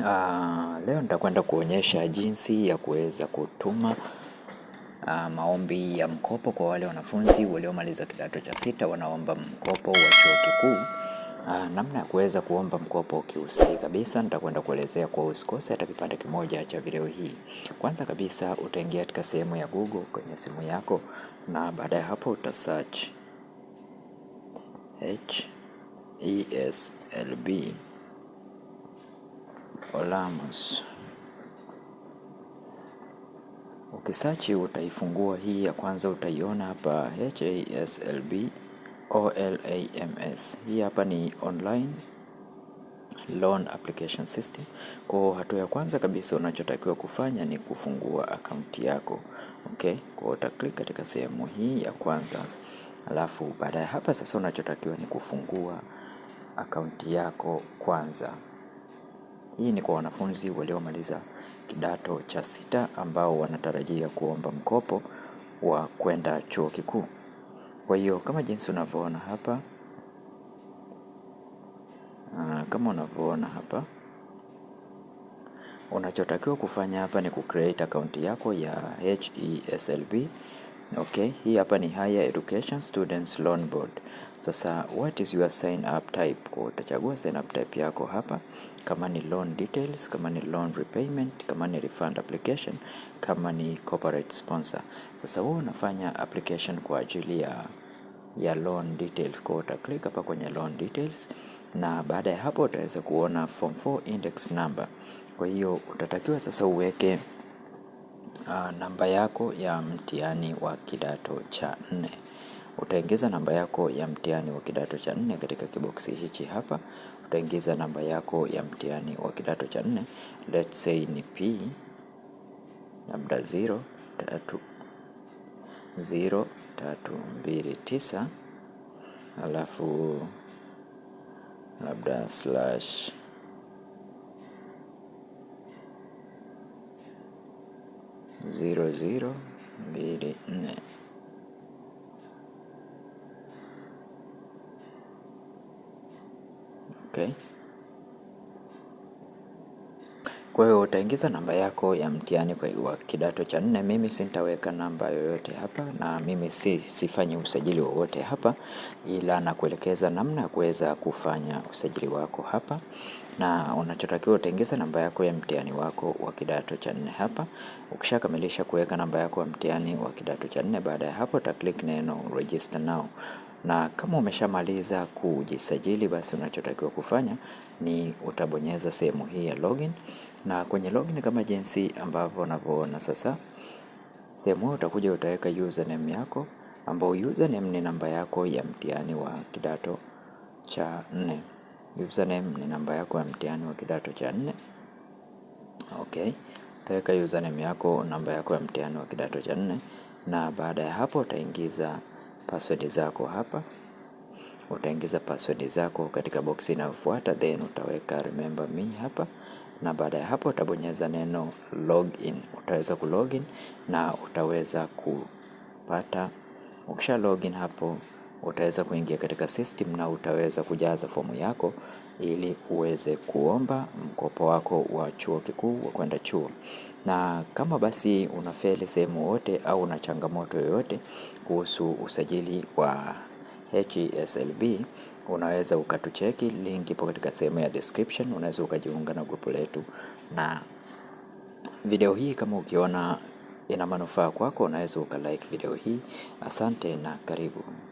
Uh, leo nitakwenda kuonyesha jinsi ya kuweza kutuma uh, maombi ya mkopo kwa wale wanafunzi waliomaliza kidato cha sita wanaomba mkopo wa chuo kikuu. Uh, namna ya kuweza kuomba mkopo kiusahihi kabisa nitakwenda kuelezea kwa usikose hata kipande kimoja cha video hii. Kwanza kabisa utaingia katika sehemu ya Google kwenye simu yako, na baada ya hapo uta search HESLB Olamos. Ukisachi utaifungua hii ya kwanza, utaiona hapa HASLB OLAMS. Hii hapa ni online loan application system. Kwa hatua ya kwanza kabisa unachotakiwa kufanya ni kufungua akaunti yako. Okay, kwa utaklik katika sehemu hii ya kwanza, alafu baada ya hapa sasa unachotakiwa ni kufungua akaunti yako kwanza. Hii ni kwa wanafunzi waliomaliza kidato cha sita ambao wanatarajia kuomba mkopo wa kwenda chuo kikuu. Kwa hiyo kama jinsi unavyoona hapa aa, ah, kama unavyoona hapa unachotakiwa kufanya hapa ni kucreate akaunti yako ya HESLB Okay, hii hapa ni Higher Education Students Loan Board. Sasa what is your sign up type? Kwa utachagua sign up type yako hapa, kama ni loan details, kama ni loan repayment, kama ni refund application, kama ni corporate sponsor. Sasa wewe unafanya application kwa ajili ya ya loan details, kwa utaklik hapa kwenye loan details, na baada ya hapo utaweza kuona form 4 index number. Kwa hiyo utatakiwa sasa uweke Ah, namba yako ya mtihani wa kidato cha nne. Utaingiza namba yako ya mtihani wa kidato cha nne katika kiboksi hichi hapa. Utaingiza namba yako ya mtihani wa kidato cha nne, let's say ni P labda zero alafu labda slash zero zero mbili nne okay Kwa hiyo utaingiza namba yako ya mtihani kwa kidato cha nne. Mimi sintaweka namba yoyote hapa na mimi si, sifanyi usajili wowote hapa, ila nakuelekeza namna ya kuweza kufanya usajili wako hapa, na unachotakiwa utaingiza namba yako ya mtihani wako wa kidato cha nne hapa. Ukishakamilisha kuweka namba yako ya mtihani wa kidato cha nne, baada ya hapo utaklik neno register now na kama umeshamaliza kujisajili, basi unachotakiwa kufanya ni utabonyeza sehemu hii ya login, na kwenye login kama jinsi ambavyo unavyoona sasa, sehemu hii utakuja utaweka username yako, ambao username ni namba yako ya mtihani wa kidato cha nne. Username ni namba yako ya mtihani wa kidato cha nne. Okay, utaweka username yako, namba yako ya mtihani wa kidato cha nne, na baada ya hapo utaingiza password zako hapa, utaingiza password zako katika box inayofuata, then utaweka remember me hapa, na baada ya hapo utabonyeza neno login. Utaweza login na utaweza kupata. Ukisha login hapo utaweza kuingia katika system na utaweza kujaza fomu yako ili uweze kuomba mkopo wako wa chuo kikuu wa kwenda chuo. Na kama basi unafeli sehemu wote au una changamoto yoyote kuhusu usajili wa HESLB, unaweza ukatucheki, link ipo katika sehemu ya description. Unaweza ukajiunga na grupu letu, na video hii kama ukiona ina manufaa kwako, unaweza ukalike video hii. Asante na karibu.